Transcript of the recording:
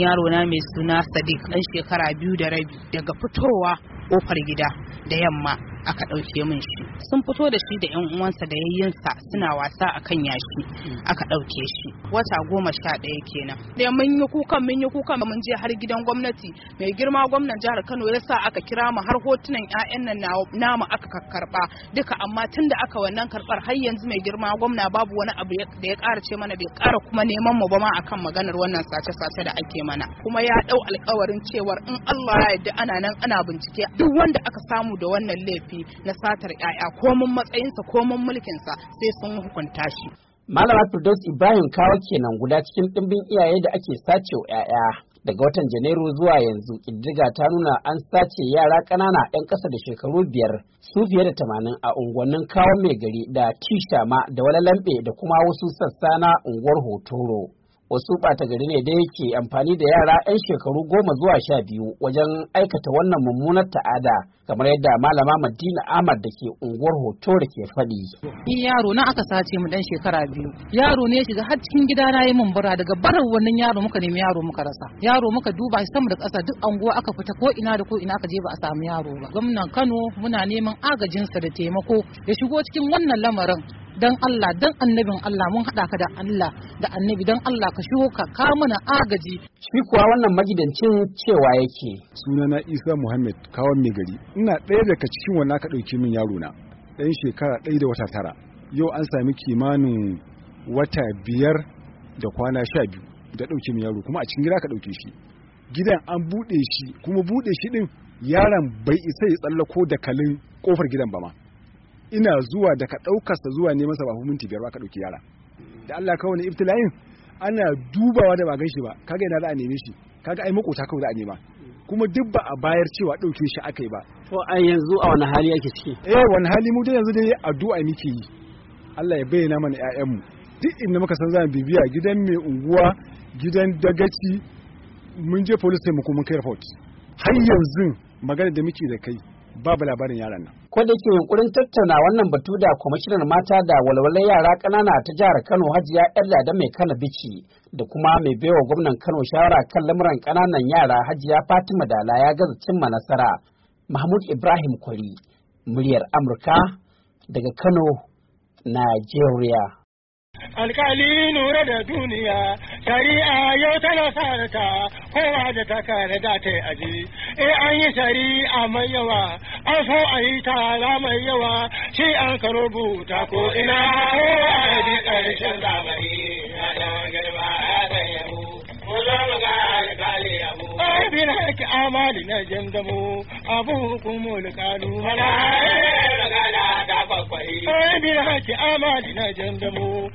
yaro na mai suna sadiq dan shekara biyu da rabi daga fitowa kofar gida da yamma aka ɗauke min shi sun fito da shi da yan uwansa da yayyinsa suna wasa a kan yashi aka ɗauke shi wata goma sha ɗaya kenan da mun yi kukan mun yi kukan mun je har gidan gwamnati mai girma gwamnan jihar Kano ya sa aka kira mu har hotunan ƴaƴan nan namu aka karɓa duka amma tunda da aka wannan karɓar har yanzu mai girma gwamna babu wani abu da ya ƙara ce mana bai ƙara kuma neman mu ba ma akan maganar wannan sace-sace da ake mana kuma ya ɗau alƙawarin cewar in Allah ya yarda ana nan ana bincike duk wanda aka samu da wannan laifi na satar 'ya'ya komin matsayinsa komin mulkinsa sai sun hukunta shi. Malama Firdaus Ibrahim kawo kenan guda cikin ɗimbin iyaye da ake sace wa 'ya'ya. Daga watan Janairu zuwa yanzu ƙididdiga ta nuna an sace yara ƙanana 'yan ƙasa da shekaru biyar su fiye da tamanin a unguwannin kawo mai gari da tishama da lambe da kuma wasu sassa na unguwar hotoro. wasu ɓata gari ne da yake amfani da yara 'yan shekaru goma zuwa sha biyu wajen aikata wannan mummunar ta'ada kamar yadda malama madina ahmad da ke unguwar hoto da ke faɗi. ni yaro na aka sace mu dan shekara biyu yaro ne ya shiga har cikin gida na yi mumbura daga barar wannan yaro muka nemi yaro muka rasa yaro muka duba shi sama da ƙasa duk anguwa aka fita ko ina da ko ina aka je ba a samu yaro ba gwamnan kano muna neman agajinsa da taimako ya shigo cikin wannan lamarin dan Allah dan annabin Allah mun haɗa ka da Allah da annabi dan Allah ka shigo ka ka mana agaji shi kuwa wannan magidancin cewa yake sunana Isa Muhammad kawon mai gari ina ɗaya daga cikin wannan ka ɗauki min yaro na ɗan shekara ɗaya da wata tara yau an sami kimanin wata biyar da kwana sha biyu da ɗauke min yaro kuma a cikin gida ka ɗauke shi gidan an buɗe shi kuma buɗe shi ɗin yaron bai isa ya tsallako da kalin kofar gidan ba ma ina zuwa da ka ɗaukarsa zuwa ne masa ba minti biyar ba ka ɗauki yara da Allah kawai ne ibtila'in ana dubawa da ba gan shi ba kaga ina za a neme shi kaga ai makota kawai za a nema kuma duk ba a bayar cewa ɗauke shi aka yi ba to a yanzu a wani hali ake ciki eh wani hali mu dai yanzu dai addu'a muke yi Allah ya bayyana mana ƴaƴanmu duk inda muka san zamu bibiya gidan mai unguwa gidan dagaci mun je police sai mu kuma kai report har yanzu magana da muke da kai babu labarin yaran nan ko da ke yunkurin tattauna wannan batu da kwamishinar mata da walwalar yara ƙanana ta jihar kano hajiya yar da mai kana bici da kuma mai baiwa gwamnan kano shawara kan lamuran ƙananan yara hajiya fatima dala ya gaza cimma nasara mahmud ibrahim kwari muryar amurka daga kano nigeria alkali nura da duniya shari'a yau tana sarata kowa da ta da ta yi aji eh an yi shari'a mai yawa an so a yi tara mai yawa shi an ka rubuta ko ina ko a yi karshen zamani na da girma da yabo ko za mu ga alƙali yabo abin haƙi amali na jandamo abu hukumul kalu mana magana ta kwakwai abin haƙi amali na jandamo